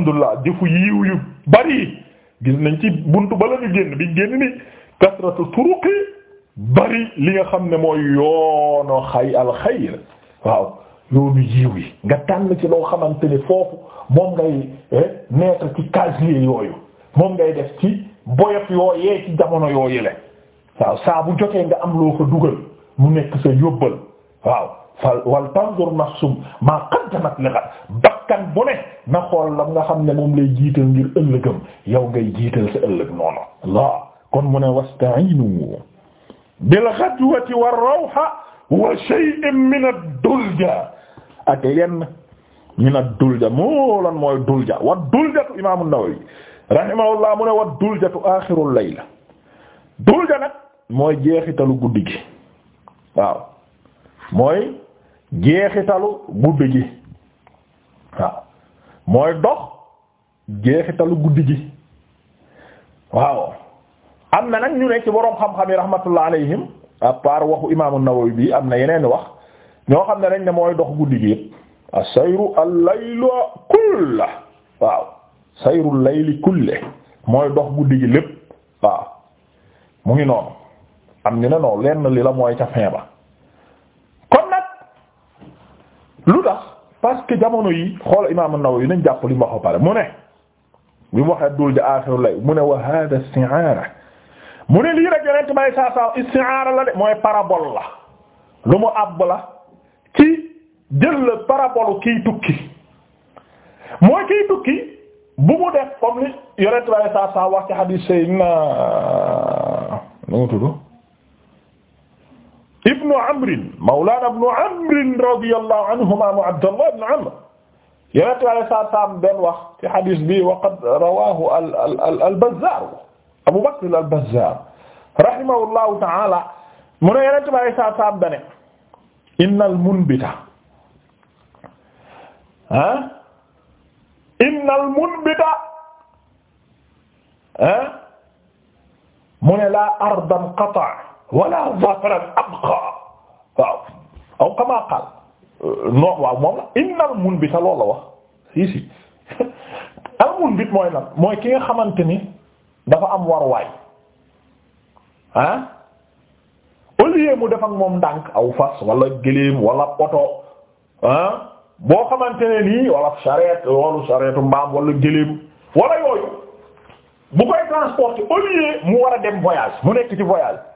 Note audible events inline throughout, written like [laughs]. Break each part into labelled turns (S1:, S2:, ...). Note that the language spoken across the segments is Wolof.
S1: alhamdulilah jëfu yiw yu bari gis nañ ci bunt ba la ñu génn bi génn ni kasratu turuqi bari li nga xam ne mooy yoonu xay alxayr waaw yoonu yiw yi nga tànn ci loo xamante ni foofu moom ngay eh, mettre ci casier yooyu moom ngay def ci boyot yooyee ci jamono yoo le waaw saa bu jotee nga am loo fa dugal mu nekk sa yóbbal waaw fal wal tanzur nafsum maa qaddamat li ghad bakkan bu ne na xool la nga xam ne moom lay jiital ngir ëllëgam yow ngay jiital sa ëllëg noonu la kon mu ne wasta'inu bil ghadwati war rawha wa shay'in min ad-dulja ak yenn min ad-dulja moo mooy dulja wa duljatu imaam an-Nawawi rahimahullah mu ne wa duljatu aaxirul layla dulja nag mooy jeexitalu guddi gi waaw mooy jeexitalu guddi gi waaw mooy dox jeexitalu guddi gi waaw am na nag ñu ne ci boroom xam-xam yi rahmatullah alayhim à part waxu imaamu Nawawi bi am na yeneen wax ñoo xam ne dañ ne mooy dox guddi gi yëpp as-sayru al-laylu kullu waaw sayru al-layli kullu mooy dox guddi gi lépp waaw mu ngi noonu am ñu ne noonu lenn li la mooy ca fin ba lu tax parce que jamono yi xool imaam an-Nawawi nañ jàpp li mu wax pare mu ne bi mu waxee dul ja aaxiru mu ne wa hada isti'aara mu ne lii rek yonent may isti'aara la de mooy parabole la lu mu àbb la ci jël la tukki mooy kiy tukki bu mu def comme li yonent may wax ci hadiis Seydina nu mu tudd ibnu amrin mawlaana ibnu amrin radiyallahu anhuma mu abdallah ibnu amr yonent bi alayhi salaatu salaam doon wax ci xadis bi wa qad rawaahu al al al Bazzaar Abu Bakr al Bazzaar rahimahullahu ta'aala mu ne yonent bi alayhi salaatu salaam dane innal munbita ah innal munbita ah mu ne laa ardan qata'a wala zahran abqa waaw aw kama qaal waaw moom la innal munbit loolu la wax si si [laughs] al munbit mooy lan mooy ki nga xamante ni dafa am waruwaay ah au mu def moom ndànk aw fas wala gëléem wala oto boo xamante ne nii wala charrette loolu charrette mbaam walla gëléem wala yooyu bu koy transporter au mu war a dem voyage mu nekk ci voyage.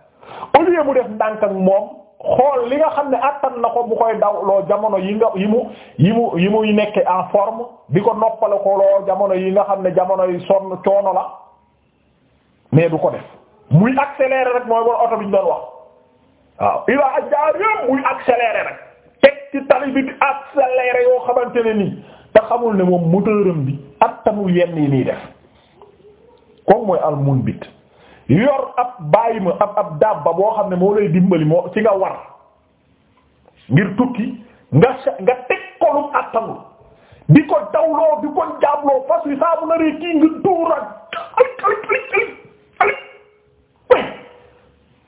S1: au lieu mu def ndànk ak moom xool li nga xam ne attan na ko bu koy daw loo jamono yi nga yi mu yi mu yi muy nekk en forme di ko noppale loo jamono yi nga xam ne jamono yi sonn coono la mais du ko def muy accélérer rek mooy war oto bi doon wax waaw ila ajjaar yëpp muy accélérer rek teg ci tali bi yoo xamante ne nii te xamul ne moom moteur am bi attanul yenn yi nii def kooku mooy almunbit yor ab bàyyi ma ab ab dabba boo xam ne moo lay dimbali moo ci nga war ngir tukki nga nga teg kolum attanul di ko dawloo di ko jaabloo fas yi saabu na ree kii nga dóoraat alik alik alik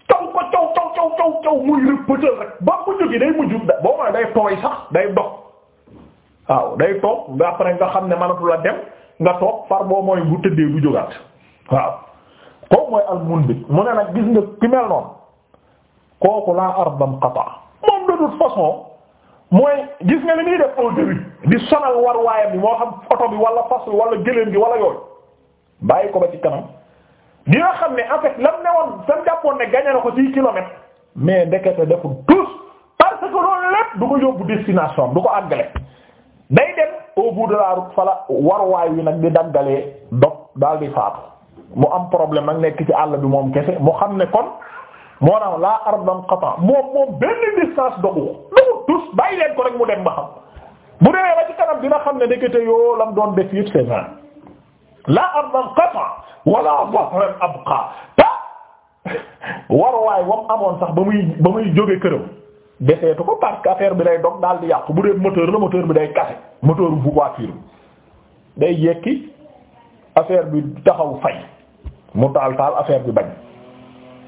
S1: caw caw caw caw caw caw muy rëppëtël rek ba mu jógee day mujju boo ma day tooy sax day dox waaw day toog nga après nga xam ne mënatul a dem nga toog far boo mooy bu tëddee du jógaat waaw kooku mooy almunbit mu ne nag gis nga ki mel noonu kooku laa ardam qata moom de toute façon mooy gis nga li muy def au début di sonal war bi moo xam oto bi wala fas bi wala gëléem gi wala yooyu bàyyi ko ba ci kanam di nga xam ne en la lam ne woon sam jàppoon ne gagné na ko ci kilomètre mais ndekete deful tous parce que loolu lépp du ko yóbbu destination du ko àggale day dem au bout fala war wi nag di daggalee dog daal di faatu mu am problème ak nekk ci àll bi moom kese mu xam ne kon moo tax laa ardan qata moom moom benn distance dogu dogu tus bàyyi leen ko rek mu dem ba xam bu demee ba ci kanam dina xam ne ndekete yoo lam doon def yëpp c'est vrai laa ardan qata wala zahran abqa ta waruwaay wam amoon sax ba muy ba muy jóge këram deseetu ko parce que affaire bi day dog daal di yàqu bu dee motoor la moteur bi day kase moteur bu voiture bi day yekki affaire bi taxaw mu daal taal affaire bi bañ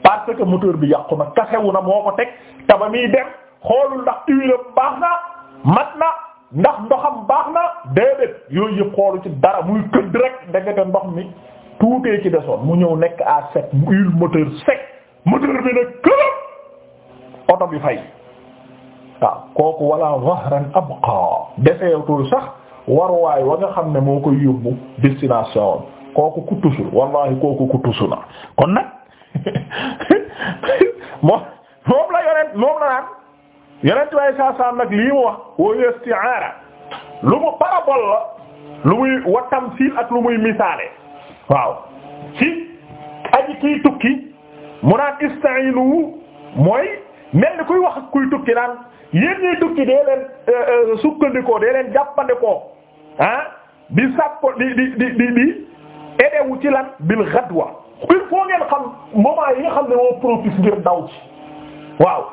S1: parce que moteur bi yàqu na kasewu na moo ko teg tama ba muy dem xoolul ndax huile baax na mat na ndax ndoxam baax na déedéet yooyu xoolu ci dara muy këdd rek ndekete ndox mi tuutee ci desoon mu ñëw nekk à sec huile moteur sec moteur bi nag këram oto bi fay waaw kooku wala zahran abqa defeetul sax waruwaay wa nga xam ne moo koy yóbbu destination kooku kuttusu wallahi kooku kuttusu na kon nag [laughs] moom moom la yonent moom la naan yonent waaye saa saa lii mu wax wa isti'aara lu mu parabole la lu muy wa tamsiil ak lu muy misaale waaw ci aji kiy tukki mu naan ista'iinu mooy mel kuy wax ak kuy tukki naan yéen ñuy tukki dee leen euh, euh, sukkandikoo dee leen jàppandikoo ah di sàpp di di di edewu ci lan bil ghadwa il faut ngeen xam moment yi ne moo propice ngir daw ci waaw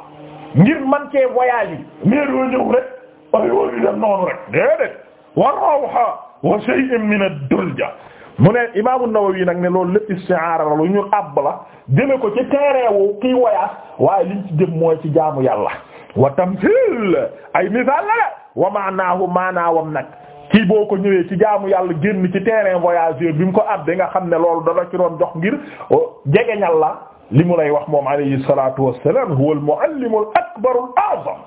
S1: ngir man cee voyage yi mais doo ñëw woo ñu dem noonu rek déedéet wa rawha wa shay'in min ad-dulja mu ne Imaam An-Nawawi nag ne loolu lépp isti'aara la lu ñu àbb la jëme ko ci teereewu kii voyage waaye liñ ci jëm mooy ci jaamu yàlla wa tamthil ay misaal la wa ma'naahu maanaawam nag kii boo ko ñëwee ci jaamu yàlla génn ci terrain voyageur bi mu ko ab nga xam ne loolu dala ci doon jox ngir oh, jegeñal la li mu lay wax moom alayhi salatu wassalam huwa al muallimu al akbar al azam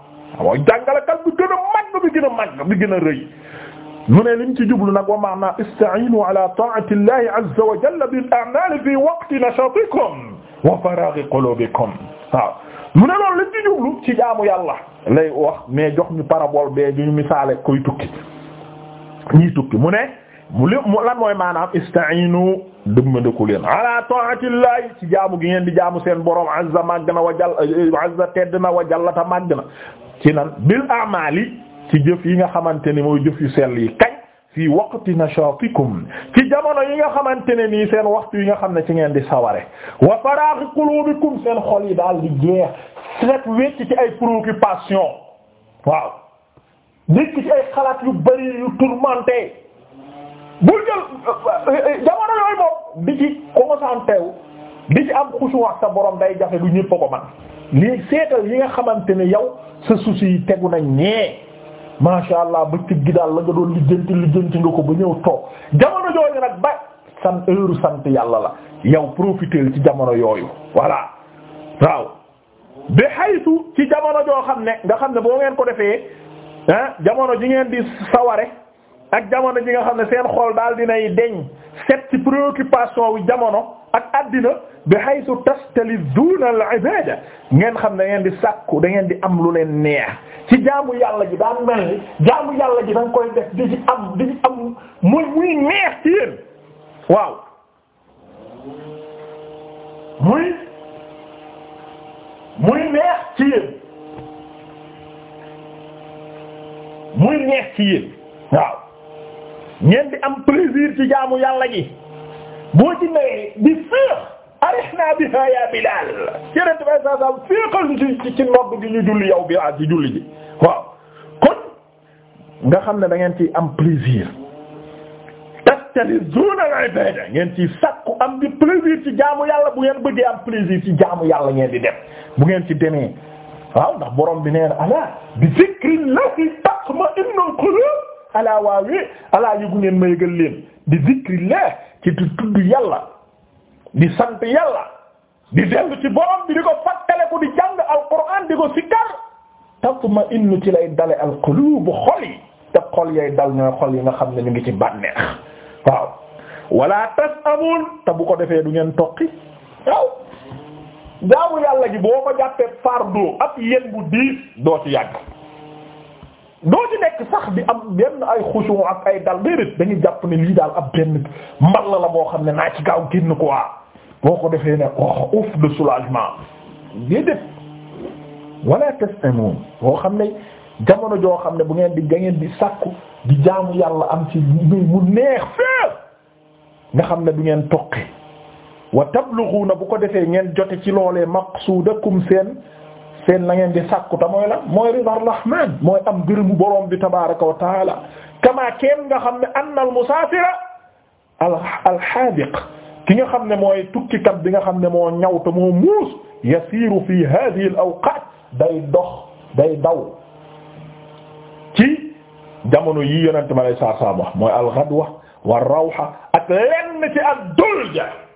S1: mooy jàngalekat bi gën a mag bi gën a mag bi gën a rëy mu ne lim ci jublu nag wa maana ista'iinu ala ta'ati llahi azza wa jalla bil a'maali fi waqti nashatikum wa faraaghi quluubikum waaw mu ne loolu lim ci jublu ci jaamu yàlla lay wax mais jox ñu parabole bee ñu misaale koy ñiy tukki mu ne mu lan mooy maanaam ista'iinu dëmmandëku leen ala ta'atillahi ci jaamu gi ngeen di jaamu seen borom azza màgg na wa jàll eh, azza tedd na wa jallata màgg na ci nan bil a'maali ci jëf yi nga xamante ni mooy jëf yu sell yi kañ fi waqti nashaatikum ci jamono yi nga xamante ne nii seen waxtu yi nga xam ne ci ngeen di saware wa faraaxi quluubikum seen xol yi daal di jeex set wecc ci ay préoccupation waaw nekk ci ay xalaat yu bari yu tourmenté bu jël jamono yooyu moom di ci concentré wu di ci am xusu wax sa borom day jafe du ñëpp ko man lii seetal yi nga xamante ne yow sa souci yi tegu na ñee masha Allah ba cib gi daal la nga doon lijjanti lijjanti nga ko ba ñëw toog jamono yooyu nag ba san heure sant yàlla la yow profitel ci jamono yooyu voilà waaw bi haytu ci jamono joo xam ne nga xam ne boo ngeen ko defee. jamono ji ngeen di saware ak jamono ji nga xam ne seen xol daal dinay deñ set ci préoccupation wi jamono ak àddina addina bi haythu tastaliduna al ibada ngeen xam ne ngeen di sàkku da ngeen di am lu leen neex ci jaamu yàlla ji daan mel ni jaamu yàlla ji da koy def di ci am di ci am muy muy neex ci yéen waaw muy muy neex ci yéen muy neex ci yéen waaw ngeen di am plaisir ci jaamu yàlla gi boo ci nawee di féex arihna biha ya Bilal cerent bay sa sam féexal ñu ci ci nodd gi ñu julli yow Bilal ah, ci julli ji waaw kon nga xam ne da ngeen ci am plaisir tastalizuna al-ibada ngeen ci sakku am di plaisir ci jaamu yàlla bu ngeen bëggee am plaisir ci jaamu yàlla ngeen di dem bu ngeen ci demee waaw ndax boroom bi nee na ala bi zikrillahi tatma'innul qulub ala waawi ala yëgu ngeen ma yëgal leen di zikrillah ci di tudd yàlla di sant yàlla di dellu ci borom bi di ko fàttaleku di jàng alquran di ko sikkar tatma'innu ci lay dale alqulub xol yi te xol yay dal ñooy xol yi nga xam ne ñu ngi ci bànneex waaw wala tas amoon te bu ko defee du ngeen toqi waaw jaamu yàlla gi boo ko jàppee fardo ab yéen bu diis doo ci yàgg doo ci nekk sax di am benn ay xusu ak ay dal déedéet dañuy jàpp ne lii daal ab benn mbal la la boo xam ne naa ci gaaw génn ko quoi boo ko defee ne oh ouf de soulagement déedéet wala testimoon boo xam ne jamono joo xam ne bu ngeen di da di sakku di jaamu yàlla am ci mu neex fee nga xam ne du ngeen toqi wa tablughuna bu ko defee ngeen jote ci loolee maqsudakum seen seen la ngeen di sàkku ta mooy la mooy ridar rahman mooy am gërëmu borom bi tabaraka wa taala kama kenn nga xam ne anna al musaafira al alxaadiq ki nga xam ne mooy tukkikat bi nga xam ne moo ñaw te moo muus yasiiru fi hadhihi al day dox day daw ci jamono yi yonente ma lay saa mooy al ghadwa war rawha ak lenn ci ad-dulja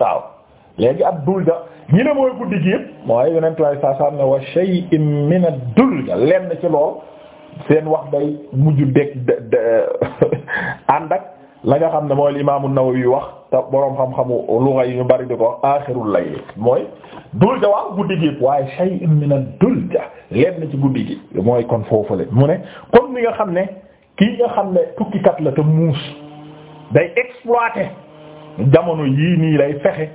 S1: waaw léegi ab dulja ñi ne mooy guddi gi yëpp mooy yonent waaye saa saa ne wa shay'in min ad ci lool seen wax day mujj dëkk [laughs] ànd ak la nga xam ne mooy Imaam An-Nawawi wax te boroom xam-xamu luga yi ñu bari di ko wax aaxirul layl mooy dulja waaw guddi gi waaye shay'in mina ad-dulja lenn ci guddi gi mooy kon foofule mu ne comme ni nga xam ne kii nga xam ne tukkikat la te muus day exploiter. jamono yii nii lay fexe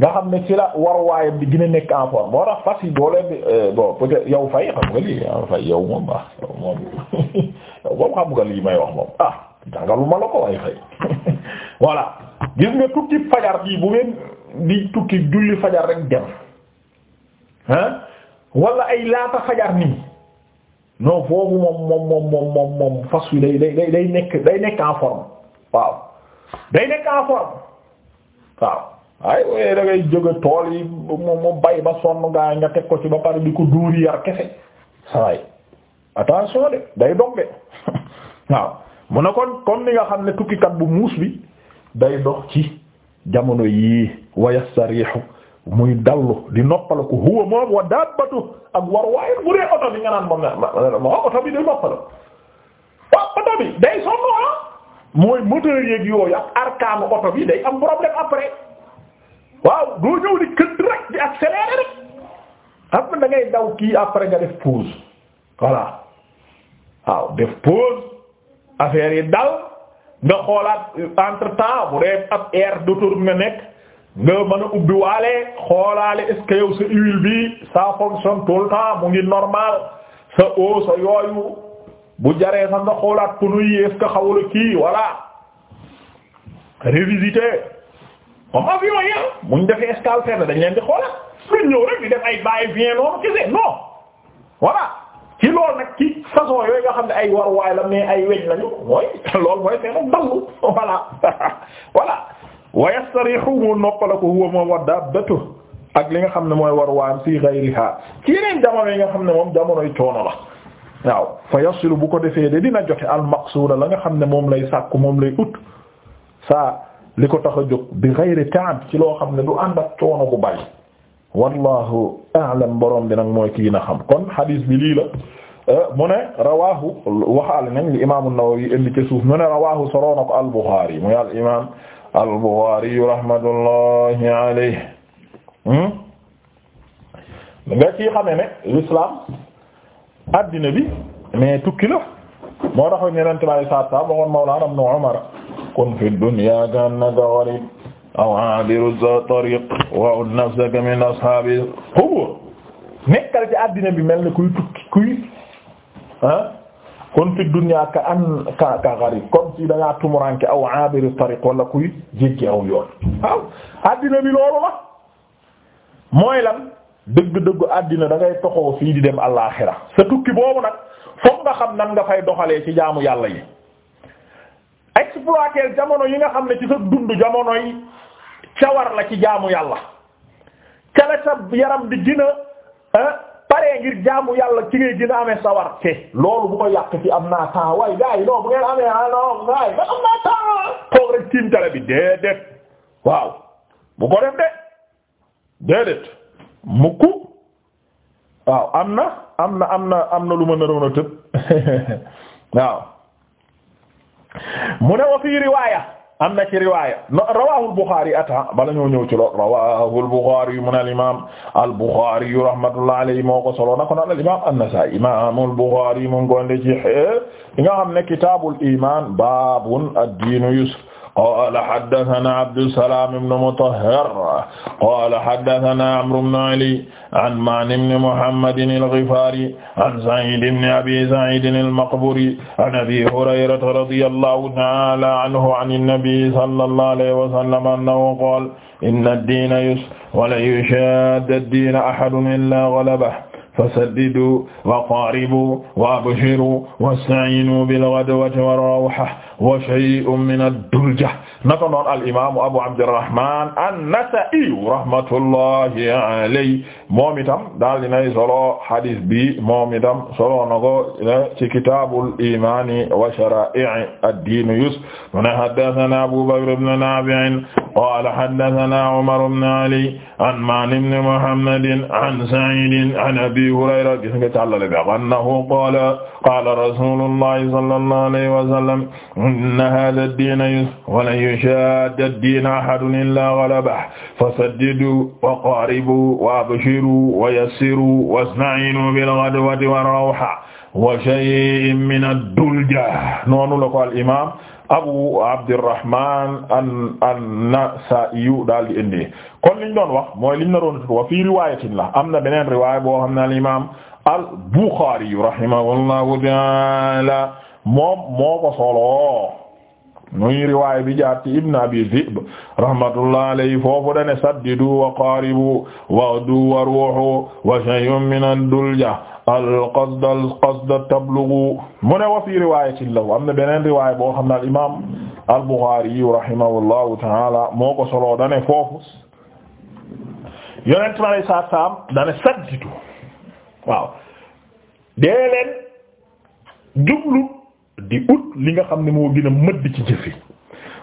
S1: nga xam ne ci la war waayam di gën a nekk en forme moo fas yi doo leen euh, bon peut-être yow fay xam nga lii ah, fay moom ah [laughs] yow moom xam nga lii may wax moom ah jàngaluma la ko waaye fay [laughs] voilà gis nga tukki fajar bii bu ngeen di tukki julli fajar rek dem ah wala ay laata fajar nii non foofu moom moom moom moom fas wi day day day nekk day nekk en waaw. day nekk en forme waaw ay wooyee jóge tool yi mu bay ba sonn gaa nga teg ko ci ba pare di ko dóori yar kese sawaay attention de day dox [laughs] waaw mu ne kon kon ni nga xam ne tukkikat bu muus bi day dox ci jamono yii wayastarihu muy dallu di noppala ko huwa moom wa dabbatu ak war waaye bu dee oto bi nga naan moom nga ma oto bi di noppala oto bi day sonn ah mooy moteur yeeg yooyu ak arkaanu bi day am problème après waaw doo ñëw di këdd rek di accélérer rek après da ngay daw kii après nga def pause voilà waaw def pause affaire yi dal nga xoolaat entre temps bu dee ab air d'autoroute nga nekk nga mën a ubbi waale xoolaale est yow sa huile bi ça fonctionne tout temps mu ngi normal sa eau sa yooyu. bu jaree sax nga xoolaat pneu yi est-ce que xawul kii voilà révisiter comme avion yi muñ ah. defee escale fenn dañ leen di xoolaat luñ ñëw rek di def ay bàyyi bien noonu kese non voilà ci loolu nag ci façon yooyu nga xam ne ay waruwaay la mais ay weñ lañu mooy [laughs] loolu mooy seen dallu voilà [laughs] voilà wa yastarihu mu noppalako huwa moom wa dabbatu ak li nga xam ne mooy waruwaayam si ghayriha ci yeneen jamono yi nga xam ne moom jamonoy coono la waaw fa yasilu bu ko defee de dina jote al maqsuuda la nga xam ne moom lay sàkku moom lay ut saa li ko tax a jóg bi ghayri ta'ab ci loo xam ne du ànd ak coono bu bari wallahu a'lam borom bi nag mooy kii na xam kon hadis bi lii la euh, mu ne rawaahu waxaale nañ li imaamu Nawawi indi ca suuf mu ne rawaahu soroo na ko al Bukhari muy al imaam al Bukhari rahmatullahi alayhi hmm? nga ci xame ne l'islam addina bi mais tukki la moo tax ñeneen tubaab yi saa saa waxoon Mawlaana Ibn Umar kun fi dunya ka'annaka gharib aw 'abiru tariq wa'ud nafsaka min ashaabi qubur nekkal ci addina bi mel ni kuy tukki ah, kun fi dunya ka'annaka gharib comme si da ngaa tumuranke aw 'abiru wala kuy jéggi aw yoon waaw addina loolu la dëgg-dëgg àddina da ngay toxoo fii di dem alaaxira sa tukki boobu nag foog nga xam nan nga fay doxalee ci jaamu yàlla yi exploiter jamono yi nga xam ne ci sa dund jamono yi cawar la ci jaamu yàlla ca la sa yaram di gën a ah, ngir jaamu yàlla ci ngay gën ame amee sawar te loolu bu ko yàq ci am naa temps waaye gars yi bu ngeen amee ah non gars am naa temps toog rek tiim tale bi déedéet waaw bu ko def de mukk waaw am na am na am na am na lu ma naroon a tëb [laughs] waaw mu ne wa fii riwaaya am na ci riwaaya rawaahu al-Bukhari ata bala ñoo ñëw ci lool rawaahu al-Bukhari mu ne al-imaam al-Bukhari rahmatullahi alayhi moo ko solo na ko naan al-imaam an-Nasaa'i imaam al-Bukhari mu li nga xam ne kitaabul iimaan baabun ad-diinu qaala haddasanaa Abdusalaam ibn Mutahhar qaala haddasanaa Amru ibn Ali an Ma'n ibn Muhammad al-Ghifaari an Sa'iid ibn Abi Sa'iid al-Maqburi an Abi Hurayrata radiyallahu ta'aala anhu an an-Nabii sallallahu alayhi wa sallam annahu qaala inna ad-diina yusr wa lan yushaadda ad-diina ahadun illaa ghalabahu fasaddiduu wa qaaribuu wa abshiruu wasta'iinuu bil-ghadwati war-rawha wa shay'un min ad-dulja naka noon al-imaamu Abu Abdirrahman an-Nasa'i rahmatullahi alayhi moom itam daal dinay solo hadis bi moom itam solo na ko ci kitaabul iimaani wa sharaa'i'i ad-diin yus mu ne haddasanaa Abu Bakr ibn Naafi' qaala haddasanaa Umar ibn Ali an Ma'n ibn Muhammad an Sa'id an Abi Hurayra gis nga tàllale bi annahu qaala qaala rasuulullahi sallallahu alayhi wa sallam inna hadha ad-din yusr wa lan yushadda ad-din ahadun illa ghalabahu fasaddidu wa qaribu wa abshiru wa yassiru wasta'inu bil ghadwati war-rawha wa shay'in min ad-dulja noonu la ko al imam Abu Abdirrahman an-Nasa'i daal di indi kon liñ doon wax mooy liñ naroon wa fii riwaayatin la am na beneen riwaaya boo xam ne al imam al-Bukhari rahimahullahu ta'ala moom moo ko soloo muy riwaay bi jaar ci ibn abi dhib rahmatullah alayhi foofu min ad-dulja al-qasd al-qasd tablughu mu ne wa lahu am beneen riwaay boo xam al imam al-bukhari rahimahullahu ta'ala moo ko soloo dane foofu yonent ma lay saam dane saddidu waaw dee di ut li nga xam ne moo gën a mëdd ci jëf yi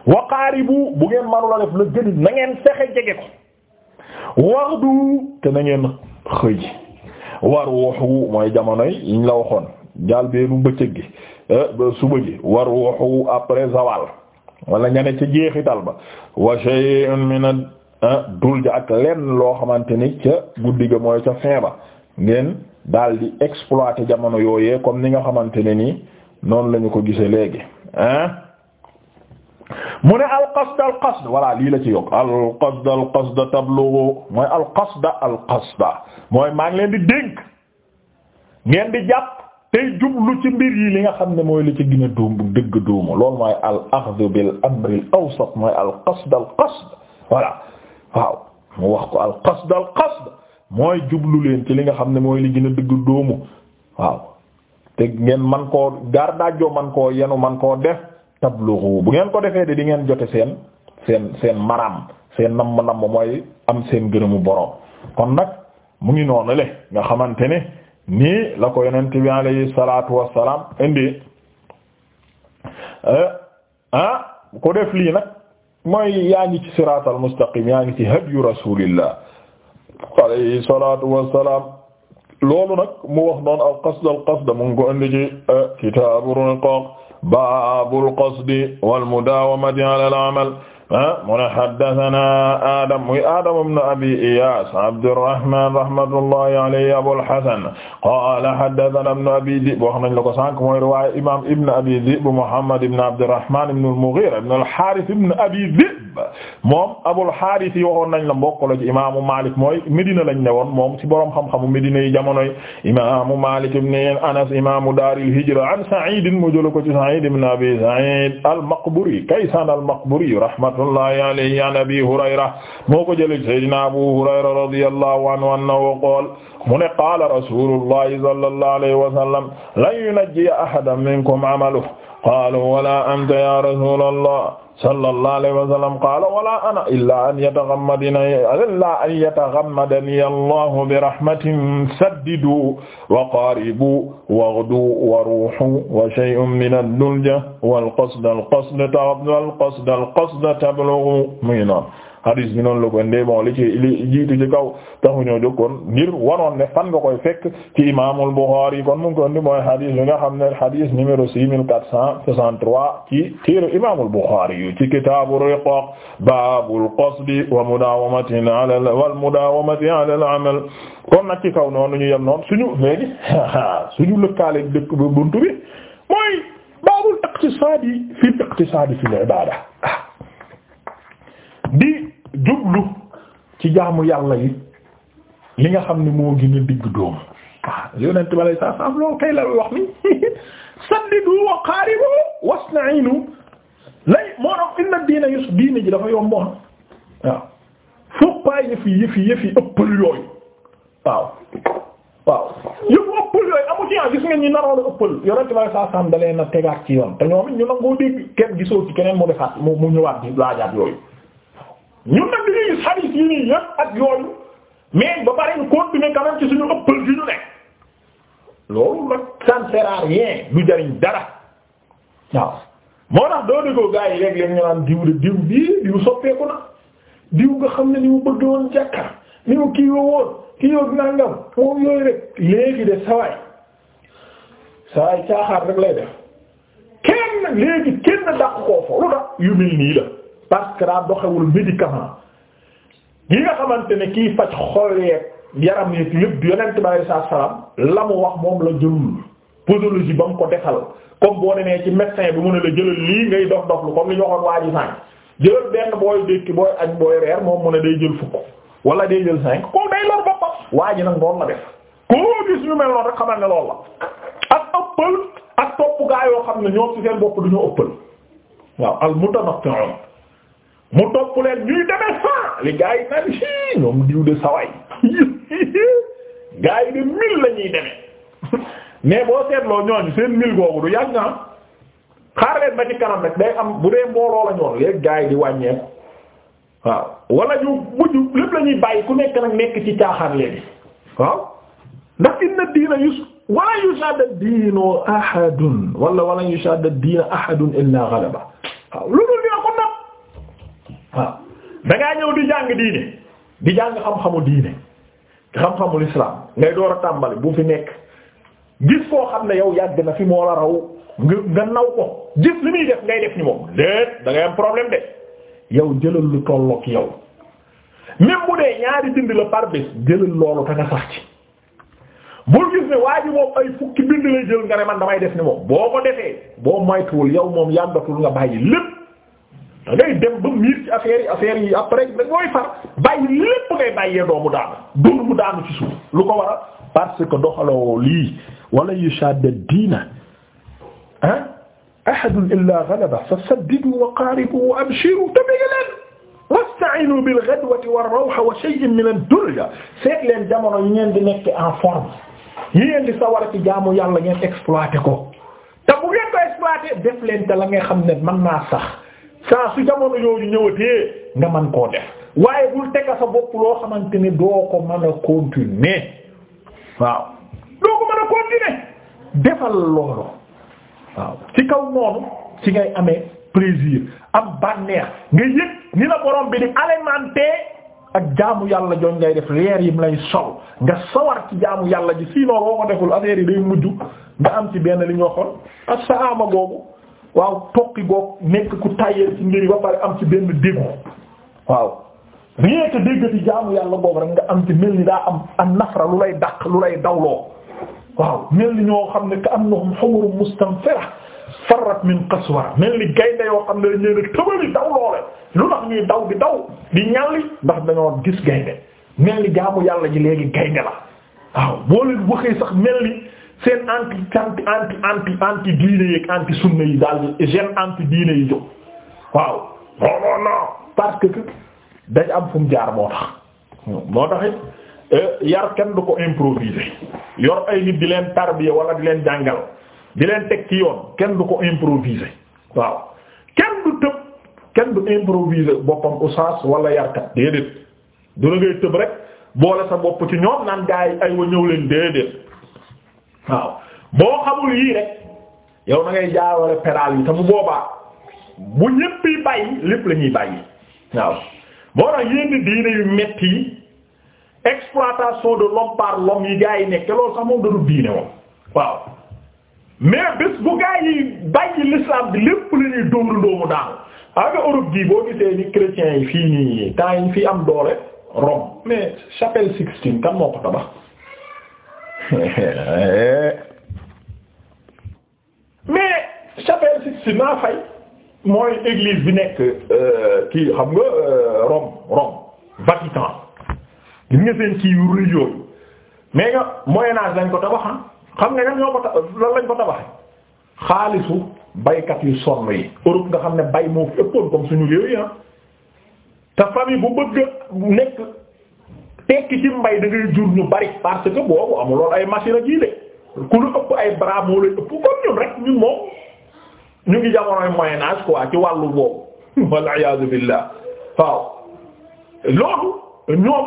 S1: wa qaaribu bu ngeen manula def la gën na ngeen fexe jege ko waxdu te na ngeen xëy war waxu mooy jamonoy yiñ la waxoon jaal beenu bëccëg gi eh, suba ji war waxu après zawal wala ña ne ca jeexital ba wa shay'un min eh, dul ja ak lenn loo xamante ni ca guddi ga mooy ca fin ba ngeen daal di exploiter jamono yooyee comme ni nga xamante ne nii noonu lañu ko gisee léegi ah mu ne alqasd alqasd voilà lii la ci yokk alqasd alqasd tablughu mooy alqasd alqasd mooy maa ngi leen di dénk ngeen di jàpp tey jublu ci mbir yi li nga xam ne mooy li ci gën a dóom dëgg dóomu loolu mooy al axd bil amr awsat mooy alqasd alqasd voilà waaw mu wax ko alqasd alqasd mooy jublu leen ci li nga xam ne mooy li gën a dëgg waaw te ngeen man koo gaar daajoo man koo yenu man koo def tabluxu bu ngeen ko defee de di ngeen jote seen seen seen maram seen namm namm mooy am seen gërëmu borom kon nag mu ngi noonu le nga xamante ne nii la ko yonent bi alayhi salaatu wassalaam indi eh, ah ko def lii nag mooy yaa ngi ci siraatal mustaqim yaa ngi ci hadyu rasulillah alayhi salaatu wassalaam loolu nag mu wax noon al qasd al qasd mu ngi ko indi ci eh, kitaabur riqaaq baabul qasdi wal mudaawamati ala al amal eh, mu ne haddasanaa Adam muy Adam ibn Abi Iyaas Abdurrahmaan rahmatullahi alayhi Abul Hasan qaala haddasanaa ibn Abi Dhi'b wax nañ la ko sànq mooy riwaaya imaam ibn Abi Dhi'b Muhammad ibn Abdurrahmaan ibn al-Mughiira ibn al-Haarith ibn Abi Dhi'b moom Abul Haaris yi waxoon nañ la mbokk la ci imaamu Maalik mooy Medina lañ ne woon moom ci borom xam-xamu Medina yi jamonoy imaamu Maalik ibn Anas imaamu daaril hijra an Sa'iid mu jël ko ci Sa'iid ibn Abi Sa'iid al-Maqburi Kaysaan al-Maqburi rahmatullahi alayhi an Abi Hurayra moo ko jël ci Sayyidina Abu Hurayra radiyallahu anhu annahu qaala mu ne qaala rasuulullahi sallallahu alayhi wa sallam lan yunajjiya ahadan minkum amaluhu qaalu wa laa anta yaa rasuulallah sallallahu alayhi wa sallam qaala wala ana illaa an yatagammadani illaa an yatagammadani allahu bi rahmatin saddidu wa qaaribu waghdu wa ruuhu wa shay'un min ad-dulja wal qasd al qasd tablughu hadis bi noonu la ko indee bon li ci li jiitu ci kaw taxuñoo jóg kon ngir waroon ne fan nga koy fekk ci imaamul Buxaari kon mu ngi mooy hadis bi nga xam ne hadis numéro six mille quatre cent soixante-trois ci téere imaamul Buxaari ci kitaabu riqaaq baabul qasdi wa mudaawamati wal mudaawamati ala al amal kon nag kaw noonu ñu yem noonu suñu léegi [laughs] buntu bi mooy baabul iqtisaadi fil iqtisaadi fil ibaada ah. di jublu ci jaamu yàlla yi li nga xam ni moo gën a digg dóomu waaw ah, yonent bi loolu kay la wax ni [laughs] saddidu wa qaaribu wasta'inu lay moo tax inna diina yus diine ji dafa yomboon ah. waaw foog yëfi yëfi yëfi ëppal yooyu waaw waaw yëfu ëppal yooyu amu ci ah, gis ngeen ñi naroon a ëppal yonent bi alay dalee na tegaat ci yoon te ñoom ñu nangoo dégg kenn gisoo ci keneen mu defaat mu ñëwaat laajaat yooyu ñun nag dañuy gis hadith yi nii yëpp ak yooyu mais ba pare ñu continuer quand même ci suñu ñu nekk loolu nag ça ne sert à rien du jariñ dara waaw moo tax doo déggoo gaa yi léeg-léeg ñu naan diw de diw bii diw soppeeku na diw nga xam ne ni mu bëgg woon jàkka ni mu kii woon kii woon nangam moom yooyu rek léegi de caaxaar rek lay def kenn léegi kenn dàq koo lu tax yu mel nii parce que daa doxewul médicament gi nga xamante ne kiy faj xooleeg yaram nit yëpp yonent bi alayhi salaam la mu wax moom la jëlul posologie ba mu ko defal comme boo demee ci médecin bi mu ne la jëlal lii ngay dox doxlu comme li ñu waxoon waa ji jëlal benn booy dékki booy añ booy reer moom mu ne day jël wala day jël waa ji nag noonu la def koo gis ñu mel noonu rek xamal ne loolu la ak ëppal ak topp yoo xam ne ñoom ci seen bopp du ñu ëppal waaw al mutanaqqi'un mu topp leen ñuy demee saa li gars yi naan si ñoom diw de saway [laughs] gars de mille la ñuy demee [laughs] boo seetloo ñooñu seen mille googu du yàgg nga xaar leen ba ci kanam lag day am bu dee mbooloo la ñoon léegi gars di wàññeeku waaw wala ñu mujj lépp la ñuy bàyyi ku nekk nag nekk ci caaxaan léegi waaw ndax inna diina us wala yushadda diino ahadun wala wala yushadda diina ahadun illa ghalaba waaw waaw ñëw di jàng diine di jàng xam-xamu diine xam-xamu lislaam ngay door a tàmbali bu fi nekk gis koo xam ne yow yàgg na fi moo la raw nga nga naw ko gis li muy def ngay def ni moom déet da ngay am problème de yow jëlal lu tollook yow même bu dee ñaari bind la par bés jëlal loolu te nga sax ci bul gis ne waa ji moom ay fukki bind lay jël nga ne man damay def ni moom boo ko defee boo moytuwul yow moom yàggatul nga bàyyi lépp da dem ba miir ci affaire yi affaire a après da ngay far bàyyi lépp ngay bàyyee daanu dóor mu daanu ci suuf lu ko waral doxaloo lii wala yushadda diina ah ahadun illa ghalaba fasaddidu wa qaribu wa abshiru tabiga leen wasta'inu bil ghadwati war rawha wa shay'in min ad-dunya seet leen jamono yi ngeen di nekk en forme yi ngeen di sawar ci jaamu yàlla ngeen exploité ko te bu ngeen ko exploité def leen te la nga xam ne mën naa sax saa su jamono yooyu ñëwatee nga man koo def waaye bul tega sa bopp loo xamante ni doo ko mën a continuer waaw doo ko mën a continuer defal loolu waaw ci kaw noonu ci ngay amee plaisir am bànneex nga yëg ni la borom bi di alimenter ak jaamu yàlla jooñ ngay def leer yim lay sol nga sawar ci jaamu yàlla ji sinon boo ko deful affaire yi day mujj nga am ci benn li ñu waxoon ak sa waaw toqi goog nekk ku tayeel ci mbiri ba pare am ci benn déggu waaw rien que déggati jaamu yàlla boobu rek nga am ci mel ni daa am am nafra lu lay daq lu lay dawloo waaw mel ni ñoo xam ne ka annahum humurun mustanfira farrat min qaswara mel ni gaynde yoo xam ne dañu leen tëbali daw lu tax ñuy daw di daw di ñalli ndax dañoo gis gaynde mel ni jaamu yàlla ji léegi gaynda la waaw boo leen waxee sax mel ni seen anti anti anti anti anti diine yi daal gene anti diine yi jóg waaw non non non parce que dañ am fu mu jaar moo tax moo tax euh, yar kenn du ko improviser yor ay nit di leen tarbiya wala di leen jàngal di leen teg ci yoon kenn du ko improviser waaw kenn du tëb kenn du improviser boppam oustaz wala yarkat déedéet du la rek boole sa bopp ci ñoom naan gaa yi ay wa ñëw leen déedéet waaw boo xamul yii rek yow na ngay jaawale pédale yi te bu boobaa bu ñépp yi bàyyi lépp lañuy ñuy bàyyi waaw moo tax yenn diine yu metti yi exploitation de l'homme yi gaa yi nekk loolu sax moom da du diine waaw mais bés bu gaa yi bàyyi l'islam bi lépp la ñuy dóoru doomu daanu aga Europe gi boo gisee ni chrétiens yi fii nii temps yi fi am doole Rome mais chapelle Sixtine kan moo ko tabax [laughs] mais chapelle Sixtine naa fay mooy église bi nekk euh, kii xam nga euh, Rome Rome Vatican gis nga seen kii yu rëy yooyu nga Moyen Âge lañ ko tabaxan ah. xam nga ñoo ko tabax lan lañ ko tabaxee xaalisu baykat yu sonn yi Europe nga xam ne bay moo fi ëppoon comme suñu réew yi ah te famille bu bëgg nekk tekki ci mbay da jur ñu bari parce que boobu amuloon ay machine ak yii ku lu ëpp ay bras moo ëpp comme ñun rek ñun moom ñu ngi jamonoy moyen âge quoi ci wàllu boobu [laughs] walla iyaazu billaah waaw loolu ñoom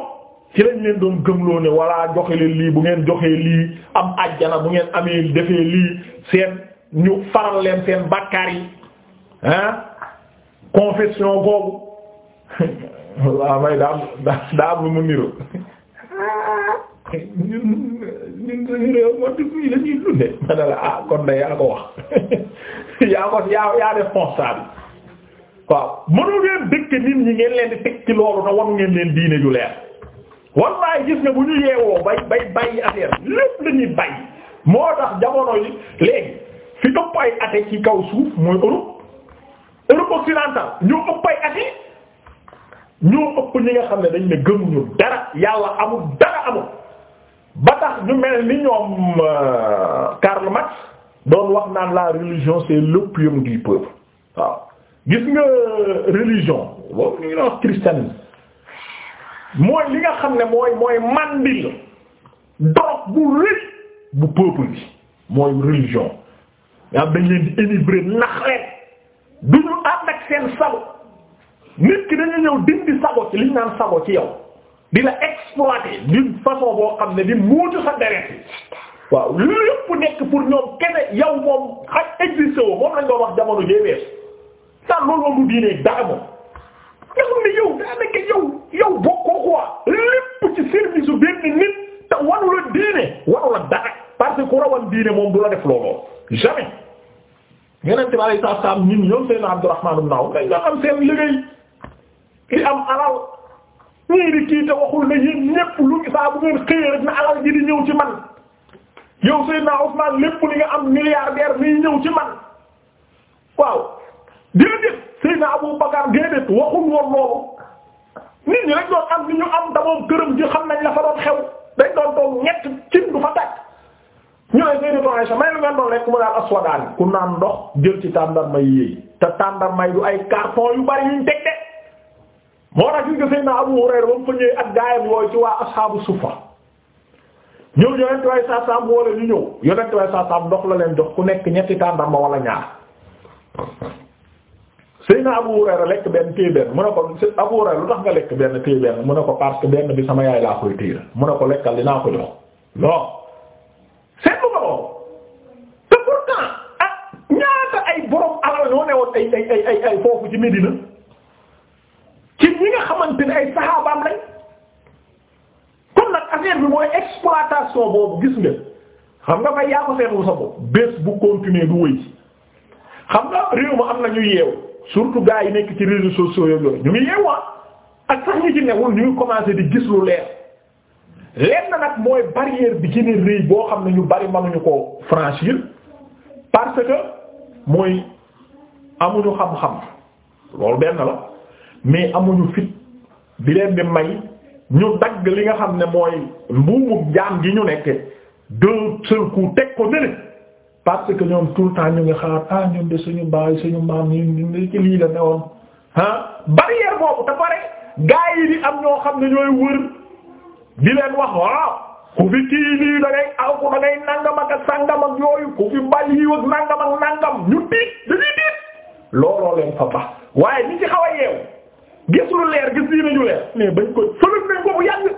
S1: ci lañ leen doon gëmloo ne walla joxe lii bu ngeen joxee lii am ajjana bu ngeen amee defee lii seen ñu faral leen seen bakkaar yi ah confession googu [laughs] waaw may daa daa am mu niro ah, ñun ñun suñu réew moo dugg yi la ñuy dundee ma ne la ah kon de [laughs] ngeen leen di teg loolu te wanu ngeen leen diine ju leer wallaay gis nga bu ñu yeewoo bay bay bàyyi affaire lépp la ñuy moo tax jamono yi léegi fi ëpp ay ate ci kaw suuf mooy Europe Europe occidentale ñoo ëpp ay ate ñoo ëpp ñi nga xam ne dañ ne gëmuñu dara yàlla amul dara amul ba tax ñu mel ni ñoom euh, Karl Marx doon wax naan la religion c'est l'opium du peuple gis nga euh, religion boobu ñu nga xam ne mooy mooy mandil drogue bu rëy bu peuple bi mooy religion. yaa dañ leen di nax leen du ñu ànd ak seen sago. nit ki dañu ñëw dindi sago ci li naan sago ci yow dina la exploiter façon boo xam ne di muucu sa deret waaw lu yëpp nekk pour ñoom kene yow moom ak existé woo moom lañ wax jamono jee wees sax loolu moom du diinee dara moom nga xam ne yow daanaka yow yow bokkoo quoi lépp ci service u benn nit te waru la diine waru la dara parce que ku diine moom du la def loolu jamais yeneen bi alei satu salaam ñun ñoom seen Abdurrahman ibn Awf dañ nga xam ki am alal ñii di kii te waxul ne yéen ñépp lu saa bu ngeen xëyee rek na alal ji di ñëw ci man yow Seydina Ousmane lépp li nga am milliardaire mi ñëw ci man waaw déedéet Seydina Abou Bakar déedéet waxul woon loolu am ni ñu am xam nañ la fa doon xew dañ doon doon ñett cin du fa tàkk ñu ne Seydina Aïcha may lu ngeen doon lekk mu daal aswadaani ku naan ndox jël tàndarmay yéey te tàndarmay du ay carton yu bari yuñ teg moo naa gis nga Seydina Abu Hurayra ba mu fa ñëwee ak gaayam yooyu ci waa ashaabu suffa ñëw yonent way saa saam wala ñu ñëw yonent way saa saam ndox la leen dox ku nekk ñetti tàndarma wala ñaar Seydina Abu Hurayra lekk benn téye benn mu ne ko Abu Hurayra lu tax nga lekk benn téye benn mu ne ko parce que benn bi sama yaay laa koy téye mu ne ko lekkal dinaa ko jox non seetlu nga loolu te pourtant ah ñaata ay borom alal ñoo newoon ay ay ay ay foofu ci Medina. ci ñi nga xamante ne ay saxaabaam lañ kon nag affaire bi mooy exploitation boobu gis nga xam nga fay yaa ko seetlu sa bopp bés bu continuer du wëy ci xam nga réew ma am na ñu yeew surtout gars yi nekk ci réseaux sociaux yooyu ñu ngi yeewaa ah. ak sax ñi ci newul ñu ngi commencé di gis lu leer lenn nag mooy barrière bi gën a rëy boo xam ne ñu bari ma ñu ko franchir parce que mooy amuñu xam-xam loolu benn la. mais amuñu fit bi leen di may ñu dagg li nga xam ne mooy mbuumu jaam gi ñu nekk deux seul coup teg ko nële parce que ñoom tout le temps ñu ngi xaar ah ñun de suñu baay suñu maam ñun ñu ci lii la ne woon ah barrière boobu te pare gaa yi di am ñoo xam ne ñooy wër di leen wax waaw ku fi kii lii da ngay aw ku ak sangam yooyu ku fi mbal yi ak nangam ak nangam ñu tiit dañuy tiit looloo leen fa baax waaye ñi ci xaw a yeew gis lu leer gis diina ñu leer mais bañ ko solu ko bu yàgg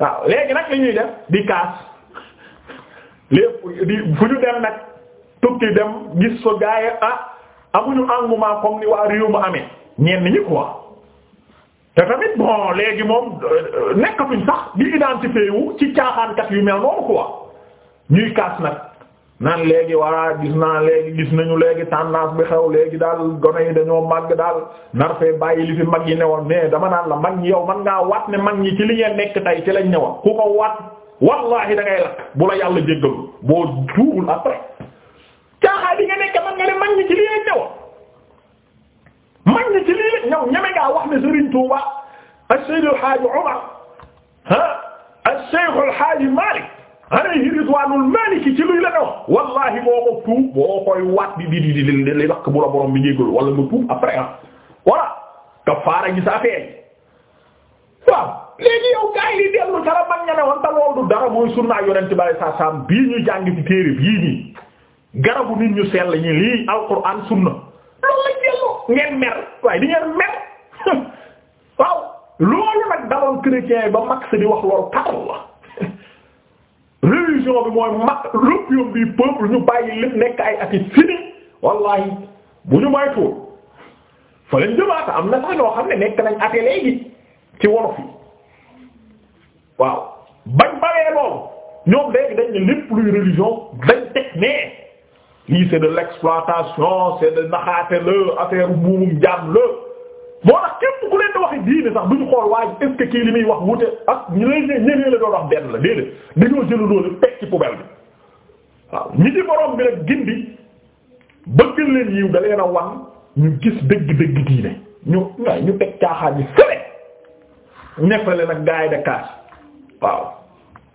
S1: waaw léegi nag li ñuy def di kaas [laughs] lépp di fu ñu dem nag tukki dem gis ko gaaye ah amuñu engouement comme ni waa réew mu amee ñenn ñi quoi te tamit bon léegi moom euh, nekkatuñ sax di identifié wu ci caaxaankat yu mel noonu quoi ñuy kaas nag naan léegi waa gis naa léegi gis nañu léegi tendance bi xew léegi daal gone yi dañoo màgg daal nar bàyyi li fi mag yi newoon mais dama naan la mag ñi yow man ngaa waat ne mag ñi ci li ngeen nekk tey ci lañ newoon ku ko waat wallahi da ngay bu la yàlla jéggalu boo tuubul après caaxaa nga wax ne Serigne Touba ak Seydou El Hadj Omar ah ak Cheikh El alayhi ridwaanul maliki ci luy la dox wallahi boo ko tuub boo waat di di di di li lakk bu la borom bi jéggalu wala nga tuub après ah voilà kafaara gi sa affaire waaw yow gaa yi dellu dara nga ne woon te du dara mooy sunnaa yonent bari saa saam bii ñu jàng ci téere bii nii garabu nit ñu sell ñi lii alquran sunna loolu lañ dellu ngeen mer waaye di ngeen mer [laughs] waaw loolu nag daroon chrétien ba max di wax loolu taxul religion bi mooy mag l'opium du peuple ñu bàyyi lépp nekk ay ati fini wallahi bu ñu moytuwul fa leen jëmaata am na sax ñoo xam ne nekk nañ ate léegi ci wolof yi waaw bañ bawee loolu ñoom léegi dañ ne lépp religion dañ teg nee lii c'est de l'exploitation c'est de naxaate la affaire buumum jaam la moo tax képp ku leen di waxi diine sax du ñu xool waaye est kii li muy wax wute ak ñu lay ñeneen la doon wax benn la déedéet dañoo jël loolu teg ci poubelle bi waaw ñi ci borom bi nag gindi bëgg leen yiw da leen a wan ñu gis dëgg-dëgg diine ñu waaye ñu teg caaxaan yi fële nekkale nag gaay da kaas waaw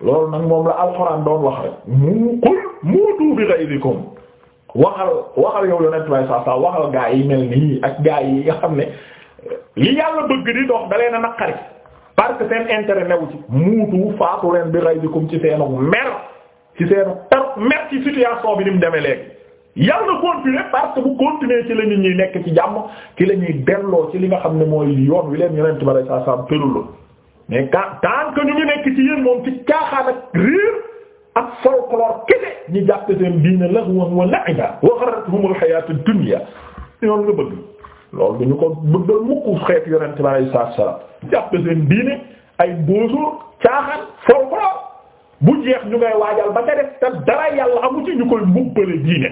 S1: loolu nag moom la alxuraan doon wax rek mu qul muutu bi ghayrikum waxal waxal yow yonent way sa sa waxal gaay yi mel nii ak gaay yi nga li yàlla bëgg di dox dalee na naqari parce que seen intere newu ci muutu faatu leen bi ray bi comme ci seenu mer ci seenu tar mer ci situation bi ni mu demee léegi yàlla continuer parce que bu continuer ci la nit ñi nekk ci jàmm ci la ñuy delloo ci li nga xam ne mooy yoon wi leen yonent bi alei saa salaam tëraloon mais quand tant que ñu ngi nekk ci yéen moom ci caaxaan ak riir ak folklore kese ñu jàpp seen diine lahwan wa la'iba wa gharratuhumul hayatud dunya yoon nga bëgg loolu du ñu ko bëggal mukk xeet yonent bi alayhi salaam jàpp seen diine ay boosuur caaxaan foofu bu jeex ñu ngay waajal ba nga def te dara yàlla amu ci ñu koy mbubbale diine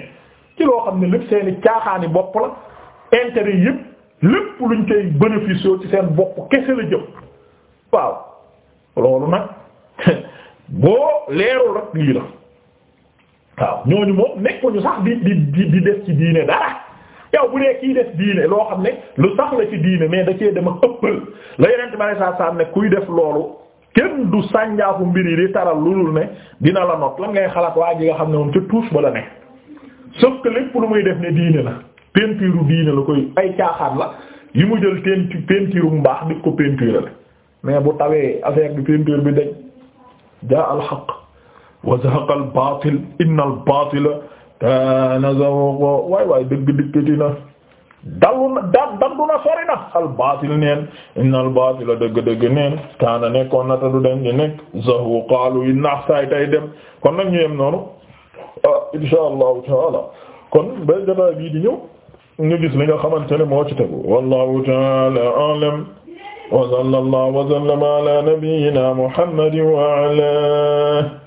S1: ci loo xam ne lépp seeni caaxaani bopp la intérêt yëpp lépp luñ koy bénéficier ci seen bopp kese la jëm waaw loolu nag [laughs] boo leerul rek lii la waaw ñooñu moom nekkuñu sax di di di des ci diine dara yow bu dee kii def diine loo xam ne lu sax la ci diine mais da cee dama ëppal la yeneen ma ne saa saa ne kuy def loolu kenn du sànjaafu mbir yi di taral lulul ne dina la not lan ngay xalaat waa ji nga xam ne moom ca tuus ba la ne sauf que lépp lu muy def ne diine la peinture diine la koy ay caaxaan la yi mu jël peinture mu mbaax di ko peinture mais bu tawee affaire bi peinture bi daj jaa al haqq wa zahaqa al baatil inna kaana zawqo waay waay dëgg dikkati na dalu da dandu na sori na al baatil neen inna al baatila dëgg-dëgg neen kaana nekkoon na ta du den di nekk zahuqaalu yi naax saay tay dem kon nag ñu yem noonu ah, insha allahu taala kon ba jataa bii di ñëw ñu gis li nga xamante ne moo ci tegu wallahu taala a'lam wa sallallahu wa sallama ala nabiyyina muhammadin wa ala